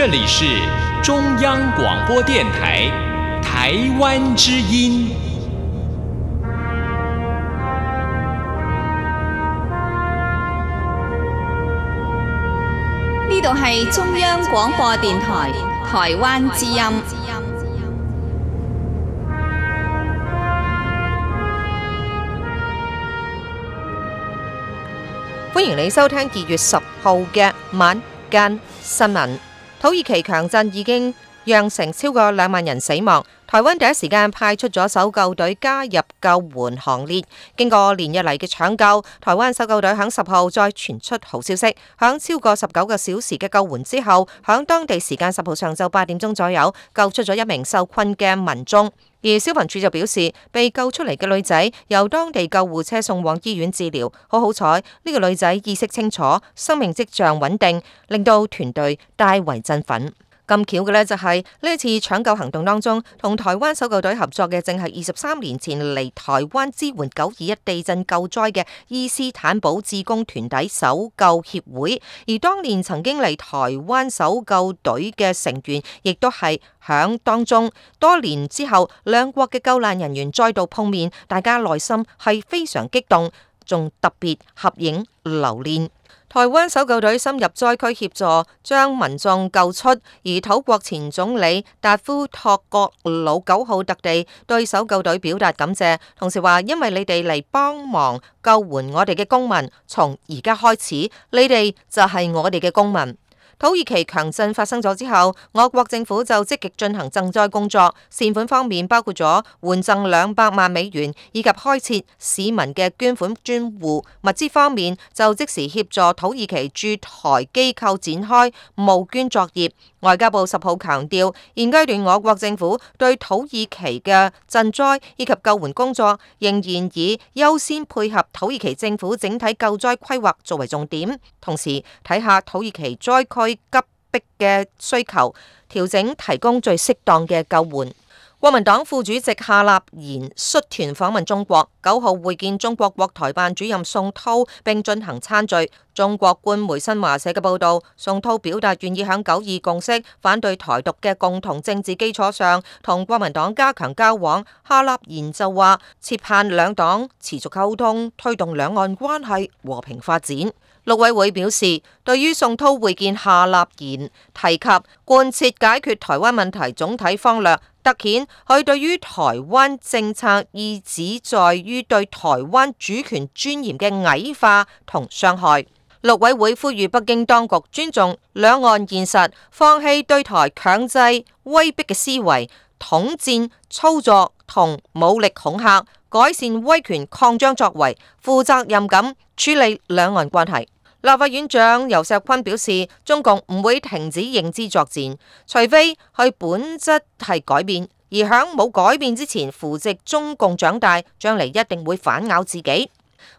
這裡是中央廣播電台台灣之音。呢度係中央廣播電台台灣之音。歡迎你收聽二月十號嘅晚間新聞。土耳其強震已經釀成超過兩萬人死亡，台灣第一時間派出咗搜救隊加入救援行列。經過連日嚟嘅搶救，台灣搜救隊響十號再傳出好消息，響超過十九個小時嘅救援之後，響當地時間十號上晝八點鐘左右救出咗一名受困嘅民眾。而消防處就表示，被救出嚟嘅女仔由當地救護車送往醫院治療，好好彩，呢個女仔意識清楚，生命跡象穩定，令到團隊大為振奮。咁巧嘅呢，就是，就係呢次搶救行動當中，同台灣搜救隊合作嘅正係二十三年前嚟台灣支援九二一地震救災嘅伊斯坦堡志工團體搜救協會，而當年曾經嚟台灣搜救隊嘅成員，亦都係響當中。多年之後，兩國嘅救難人員再度碰面，大家內心係非常激動。仲特別合影留念。台灣搜救隊深入災區協助，將民眾救出。而土國前總理達夫托國老九號特地對搜救隊表達感謝，同時話：因為你哋嚟幫忙救援我哋嘅公民，從而家開始，你哋就係我哋嘅公民。土耳其強震發生咗之後，我國政府就積極進行賑災工作，善款方面包括咗援贈兩百萬美元，以及開設市民嘅捐款專戶；物資方面就即時協助土耳其駐台機構展開募捐作業。外交部十號強調，現階段我國政府對土耳其嘅賑災以及救援工作，仍然以優先配合土耳其政府整體救災規劃作為重點，同時睇下土耳其災區急迫嘅需求，調整提供最適當嘅救援。國民黨副主席夏立言率團訪問中國，九號會見中國國台辦主任宋濤，並進行餐聚。中國官媒新華社嘅報道，宋濤表達願意喺九二共識、反對台獨嘅共同政治基礎上，同國民黨加強交往。夏立言就話，切盼兩黨持續溝通，推動兩岸關係和平發展。陸委會表示，對於宋濤會見夏立言，提及貫徹解決台灣問題總體方略。凸顯佢對於台灣政策，意指在於對台灣主權尊嚴嘅矮化同傷害。陸委會呼籲北京當局尊重兩岸現實，放棄對台強制威逼嘅思維、統戰操作同武力恐嚇，改善威權擴張作為，負責任咁處理兩岸關係。立法院長游錫堃表示，中共唔會停止認知作戰，除非佢本質係改變。而響冇改變之前，扶植中共長大，將來一定會反咬自己。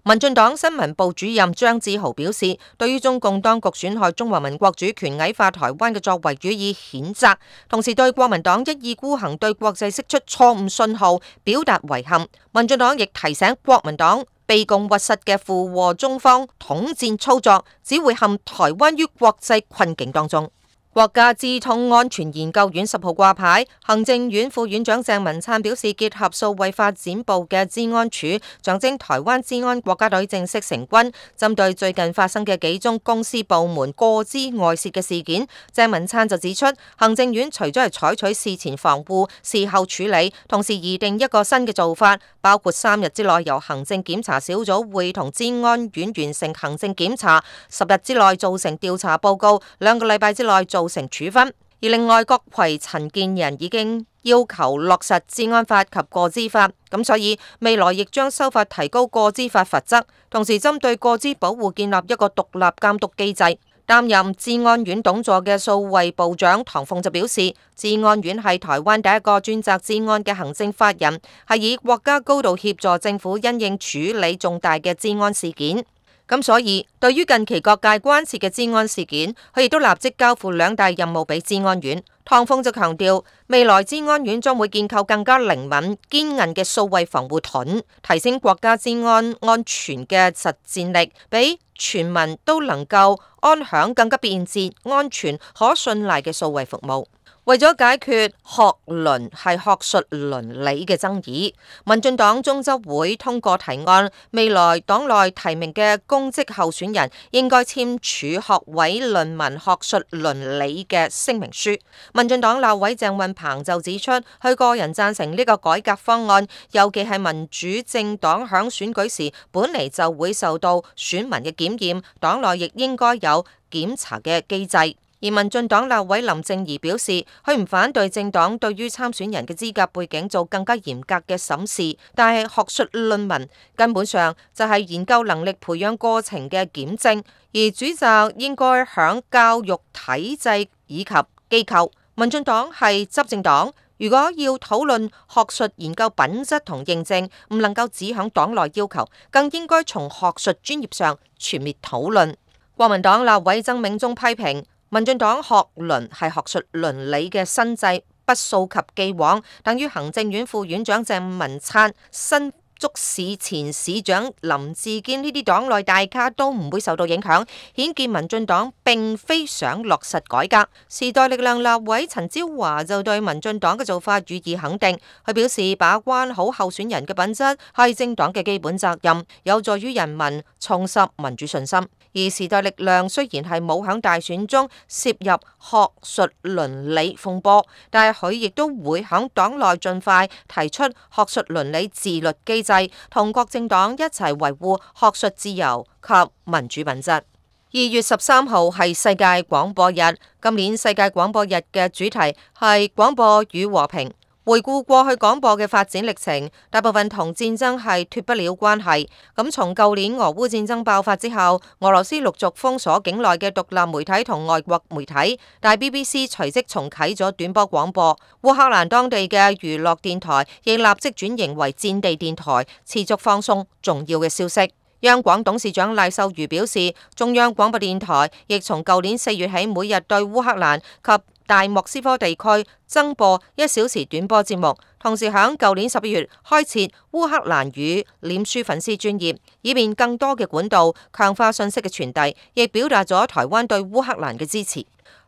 民進黨新聞部主任張志豪表示，對於中共當局損害中華民國主權、矮化台灣嘅作為，予以譴責。同時對國民黨一意孤行、對國際釋出錯誤信號，表達遺憾。民進黨亦提醒國民黨。卑躬屈膝嘅附和中方統戰操作，只會陷台灣於國際困境當中。國家資通安全研究院十號掛牌，行政院副院長鄭文燦表示，結合數位發展部嘅資安署，象徵台灣資安國家隊正式成軍。針對最近發生嘅幾宗公司部門個資外泄嘅事件，鄭文燦就指出，行政院除咗係採取事前防護、事後處理，同時擬定一個新嘅做法，包括三日之內由行政檢查小組會同資安院完成行政檢查，十日之內做成調查報告，兩個禮拜之內做。造成處分，而另外郭奎、閣揆陳建仁已經要求落實資安法及個資法，咁所以未來亦將修法提高個資法罰則，同時針對個資保護建立一個獨立監督機制。擔任資安院董座嘅數位部長唐鳳就表示，資安院係台灣第一個專責資安嘅行政法人，係以國家高度協助政府因應處理重大嘅資安事件。咁所以，對於近期各界關切嘅治安事件，佢亦都立即交付兩大任務俾治安院。唐鳳就強調，未來治安院將會建構更加靈敏、堅韌嘅數位防護盾，提升國家治安安全嘅實戰力，俾全民都能夠安享更加便捷、安全、可信賴嘅數位服務。為咗解決學倫係學術倫理嘅爭議，民進黨中執會通過提案，未來黨內提名嘅公職候選人應該簽署學位論文學術倫理嘅聲明書。民進黨立委鄭運鵬就指出，佢個人贊成呢個改革方案，尤其係民主政黨響選舉時，本嚟就會受到選民嘅檢驗，黨內亦應該有檢查嘅機制。而民進黨立委林靜儀表示，佢唔反對政黨對於參選人嘅資格背景做更加嚴格嘅審視，但係學術論文根本上就係研究能力培養過程嘅檢證，而主責應該響教育體制以及機構。民進黨係執政黨，如果要討論學術研究品質同認證，唔能夠只響黨內要求，更應該從學術專業上全面討論。國民黨立委曾銘宗批評。民進黨學倫係學術倫理嘅新制，不溯及既往，等於行政院副院長鄭文燦、新竹市前市長林志堅呢啲黨內大咖都唔會受到影響，顯見民進黨並非想落實改革。時代力量立委陳昭華就對民進黨嘅做法予以肯定，佢表示把關好候選人嘅品質係政黨嘅基本責任，有助於人民重拾民主信心。而時代力量雖然係冇響大選中涉入學術倫理風波，但係佢亦都會響黨內盡快提出學術倫理自律機制，同國政黨一齊維護學術自由及民主品質。二月十三號係世界廣播日，今年世界廣播日嘅主題係廣播與和平。回顧過去廣播嘅發展歷程，大部分同戰爭係脱不了關係。咁從舊年俄烏戰爭爆發之後，俄羅斯陸續封鎖境內嘅獨立媒體同外國媒體，大 BBC 隨即重啟咗短波廣播，烏克蘭當地嘅娛樂電台亦立即轉型為戰地電台，持續放送重要嘅消息。央廣董事長賴秀如表示，中央廣播電台亦從舊年四月起，每日對烏克蘭及大莫斯科地區增播一小時短波節目，同時響舊年十一月開設烏克蘭語臉書粉絲專頁，以便更多嘅管道強化信息嘅傳遞，亦表達咗台灣對烏克蘭嘅支持。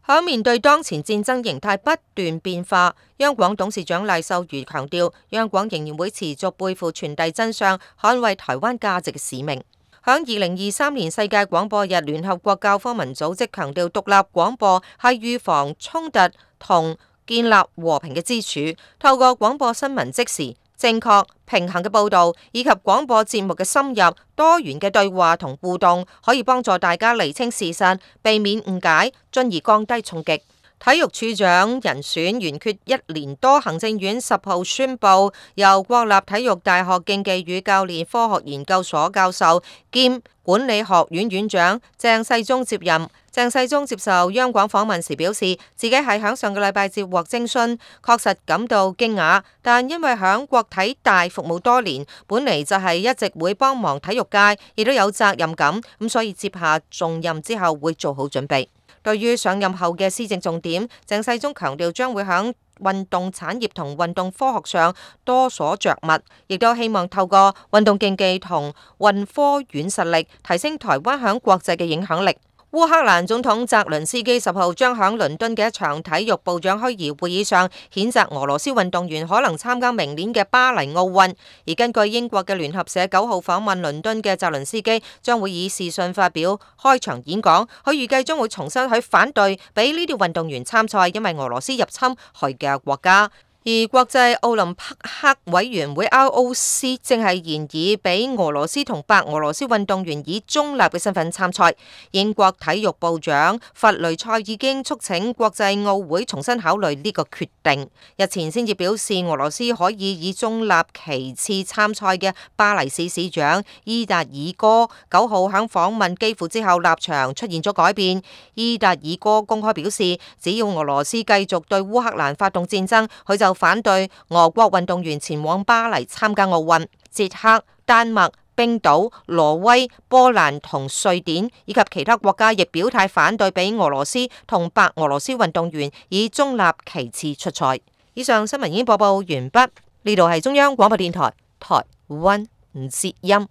響面對當前戰爭形態不斷變化，央廣董事長賴秀如強調，央廣仍然會持續背負傳遞真相、捍衛台灣價值嘅使命。喺二零二三年世界廣播日，聯合國教科文組織強調獨立廣播係預防衝突同建立和平嘅支柱。透過廣播新聞即時、正確、平衡嘅報道，以及廣播節目嘅深入、多元嘅對話同互動，可以幫助大家釐清事實，避免誤解，進而降低衝擊。體育署長人選懸缺一年多，行政院十號宣布由國立體育大學競技與教練科學研究所教授兼管理學院院長鄭世忠接任。鄭世忠接受央廣訪問時表示，自己係響上個禮拜接獲徵詢，確實感到驚訝，但因為響國體大服務多年，本嚟就係一直會幫忙體育界，亦都有責任感，咁所以接下重任之後會做好準備。對於上任後嘅施政重點，鄭世忠強調將會喺運動產業同運動科學上多所着墨，亦都希望透過運動競技同運科軟實力提升台灣喺國際嘅影響力。烏克蘭總統澤倫斯基十號將喺倫敦嘅一場體育部長虛擬會議上譴責俄羅斯運動員可能參加明年嘅巴黎奧運，而根據英國嘅聯合社九號訪問倫敦嘅澤倫斯基，將會以視訊發表開場演講，佢預計將會重新去反對俾呢啲運動員參賽，因為俄羅斯入侵佢嘅國家。而國際奧林匹克委員會 IOC 正係現已俾俄羅斯同白俄羅斯運動員以中立嘅身份參賽。英國體育部長弗雷塞已經促請國際奧會重新考慮呢個決定。日前先至表示俄羅斯可以以中立其次參賽嘅巴黎市市長伊達爾哥九號響訪問基輔之後，立場出現咗改變。伊達爾哥公開表示，只要俄羅斯繼續對烏克蘭發動戰爭，佢就反對俄國運動員前往巴黎參加奧運，捷克、丹麥、冰島、挪威、波蘭同瑞典以及其他國家亦表態反對，俾俄羅斯同白俄羅斯運動員以中立其次出賽。以上新聞已經播報完畢，呢度係中央廣播電台台灣唔接音。